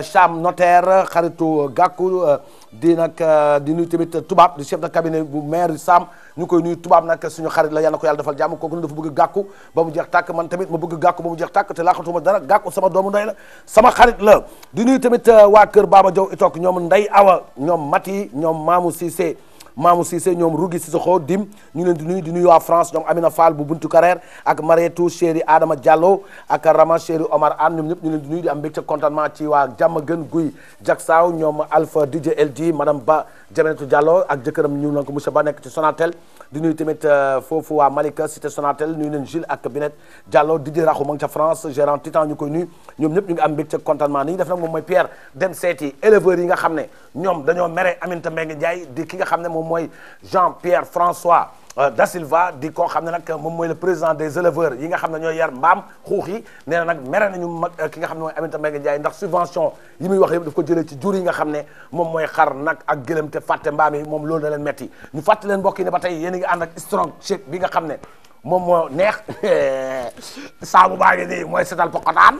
Cham notaire xaritu Gakou di nag di nuyu tamit tubaab di chef de cabinet bu maire Sam ñu koy nuyu tubaab nag suñu xarit la yàlla na ko yàlla defal jàmm kooku ne dafa bëgg Gakou ba mu jeex tàkk man tamit ma bëgg Gakou ba mu jeex tàkk te laaxatuma dara Gakou sama doomu ndey la sama xarit la di nuyu tamit waa kër Baba Diaw itoog ñoom nday Awa ñoom Mati ñoom Mamou Cissé Mamou Cissé ñoom Rougui Cissokho Dim ñu leen di nuyu di nuyu waa France ñoom Amina Fall bu Buntu Carrère ak Marietou chéri Adama Diallo ak Rama chéri Omar Anne ñoom ñëpp ñu leen di nuyu di am mbégte contentement ci waa jàmm gën guy jaksaaw ñoom Alpha DJ LG madame Ba Jamenetou Diallo ak jëkkëram ñu naan ko monsieur Ba nekk ci sonateel di nuyu tamit euh, foofu waa Malika cité Sonatel nuyu nañ Gilles ak Binet Diallo Didier Rakhou ma ca France gérant Titan ñu koy nuyu ñoom ñëpp ñu ngi am mbégte contentement ni ñu def nag moom mooy Pierre dem seeti éleveurs yi nga xam ne ñoom dañoo mere Aminata Mbengue Ndiaye di ki nga xam ne moom mooy Jean Pierre François Euh, da Silva di koo xam ne nag moom mooy le président des éleveurs yi nga xam ne ñooy yar mbaam xuux yi nee na nag mere nañu mag euh, ki nga xam ne mooy Aminata Mbengue Ndiaye ndax subvention muy wax yëpp ko jëlee ci jur yi nga xam ne moom mooy xar nag ak gëlëm te fàtte mbaam yi moom loolu da leen metti ñu fàtte leen mbokk ne ba tey yéen a ngi ànd strong shake bi nga xam ne moom moo neex saabu baa ngi nii mooy setal pokotaan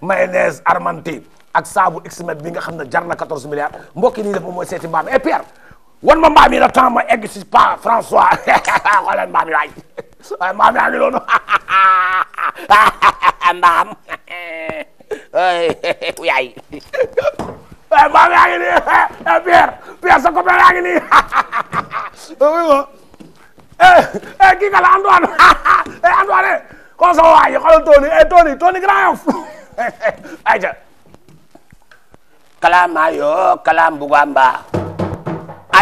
mayonnaise armanti ak saabu xmet bi nga xam ne jar na 14 milliards mbokk yi nii moom mooy seeti mbaam et eh, Pierre wan ma mbaam la temps ma egg si pas François xooleen mbaam yi waay waaye mbaam mbaam yaay waaye mbaam yaa ngi nii Pierre Pierre sa copain yaa ngi nii eh, eh, kii nga la Antoine eh, Antoine xool sa waay xool Tony Tony Tony Grand Yoff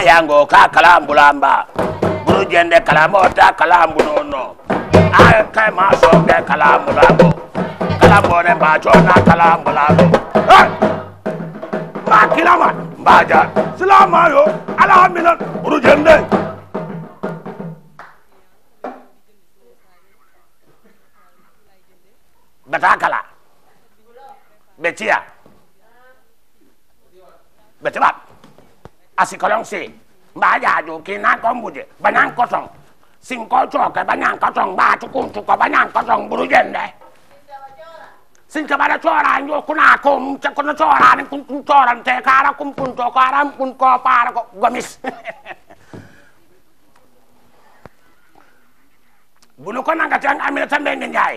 ka yango ka kalambulamba buru jende kalambo ta kalambu nono a kai ma so ke kalambulambo kalambo ne ba cho na kalambulambo ma kilama mbaja silama yo alhamdulillah buru jende bata kala betiya betibat asikolongsi mbaajaajuki nankombude banankotong sinkocoke banankotong mbaacukumcuko banankotong burujende sinke bara coran yo kuna kom kono coran kun coran te kara kum kun to kara kun ko par ko gomis bunu ko nanga tan amina tan be nyaay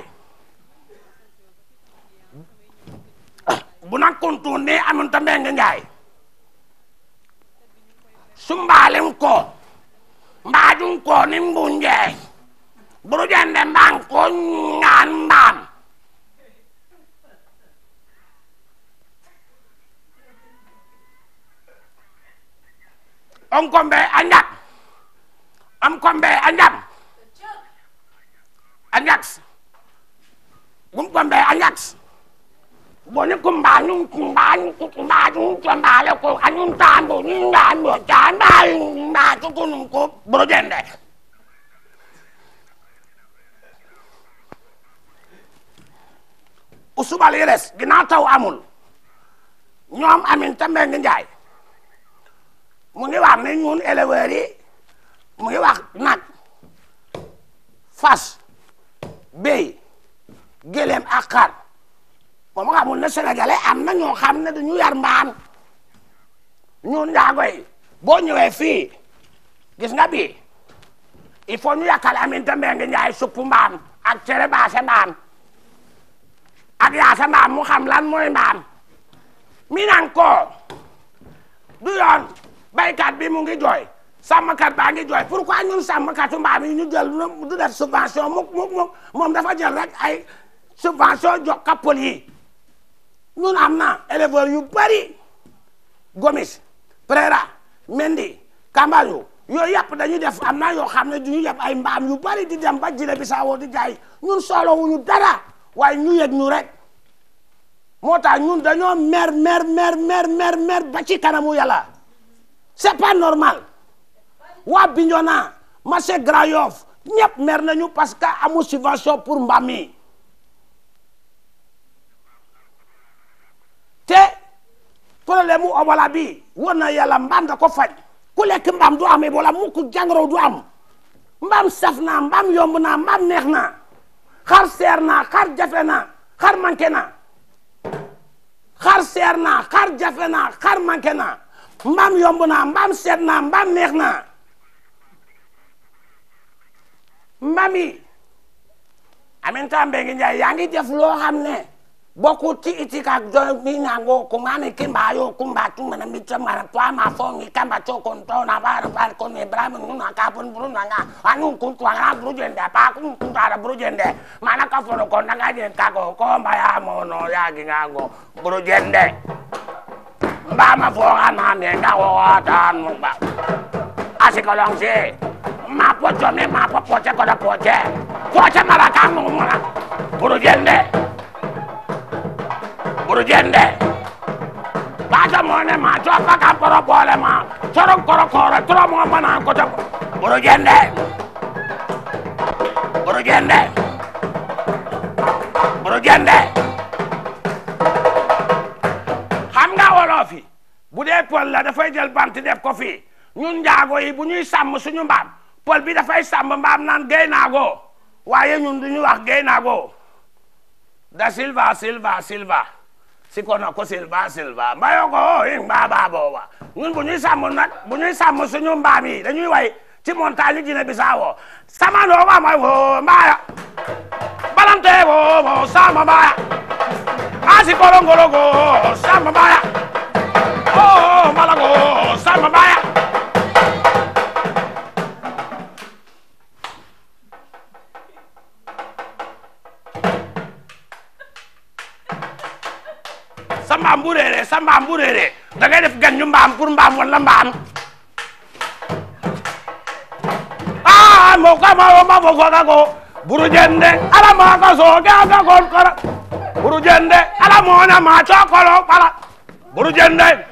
e. bunan kun tunne amun tan be nyaay sumbalim ko mbajum ko ni mbunje burujende mbang ko ngan mbam on kombe anjak am kombe anjak anjak um kombe anjak boni kumbanu kumbanu kumbanu kumbale ko anun tambo ni ndambo tamba ma tukunu ko brojende usubal yeles ginnaaw taw amul ñoom amin ta mbeng njaay mu ngi wax ne ñun éleveurs yi mu ngi wax nag fas béy gëléem ak xar moom xamul ne sénégalais am na ñoo xam ne dañu yar mbaam ñun njaago yi boo ñëwee fii gis nga bii il faut ñu yàkkal Aminata Mbengue Ndiaye suppu mbaam ak cere baase mbaam ak yaasa mbaam mu xam lan mooy mbaam mi nan ko du yoon baykat bi mu ngi jooy sàmmkat baa ngi jooy pourquoi ñun sàmmkatu mbaam yi ñu jël du def subvention muk muk muk moom dafa jël rek ay subvention jox ka yi loolu am na éleveurs yu bari Gomis Pereira Mendy Kambajo yooyu yàpp dañuy def am na yoo xam ne du ñu yàpp ay mbaam yu bari di dem ba jile bi saawoo di jaay ñun soxlawuñu dara waaye ñu yëg ñu rek moo tax ñun dañoo mer mer mer mer mer mer ba ci kanamu yàlla c'est pas normal waa Bignona marché Grand Yoff ñëpp mer nañu parce que amul subvention pour mbaam yi te problème mu obala bi war na yàlla mbaam da ko faj ku lekk mbaam du amee wala mukk jàngoro du am mbaam saf naa mbaam yomb naa mbaam neex naa xar seer naa xar jafe naa xar manqué naa xar seer naa xar jafe naa xar manqué naa mbaam yomb naa mbaam seet njaay yaa ngi def loo ne boku ti iti ka jɔ mi nyango kuma ni kimba yo kumba tuma na mi tɛ na ba na ba kɔn ne bra mi nuna bun buru na nga ani kun tu anga buru jende pa kun kun ta da buru jende mana ka fɔlɔ kɔn na ka jɛ ka kɔ kɔ ma ya mɔ nɔ ya gi nga gɔ buru jende nu na buru jende. buru jende baata moo ne ma coo faka bu dee pël la dafay jël bant def ko fii ñun njaago yi bu ñuy sàmm suñu mbaam pël bi dafay sàmm mbaam naan gay naago waaye ñun du ñu wax gay naago da silva silva silva sikona ko silba silba mbayo ko hin oh, mbaa baa booba ñun bu ñuy sàmm nag bu ñuy sàmm suñu mbaam yi dañuy way ci montagne yi Guinée Bissau sama no ba moy wo mbaaya balante wo mo sama mbaaya asi korongologo sama mbaaya o oh, malago sama mbaaya bu réeree sa mbaam bu réeree da ngay def gan mbaam pour mbaam wala mbaam a ah, mo kama wo ma fogo kako buru jende ala ma ka soge aga kon kara buru jende ala mona ma cokolo kala buru jende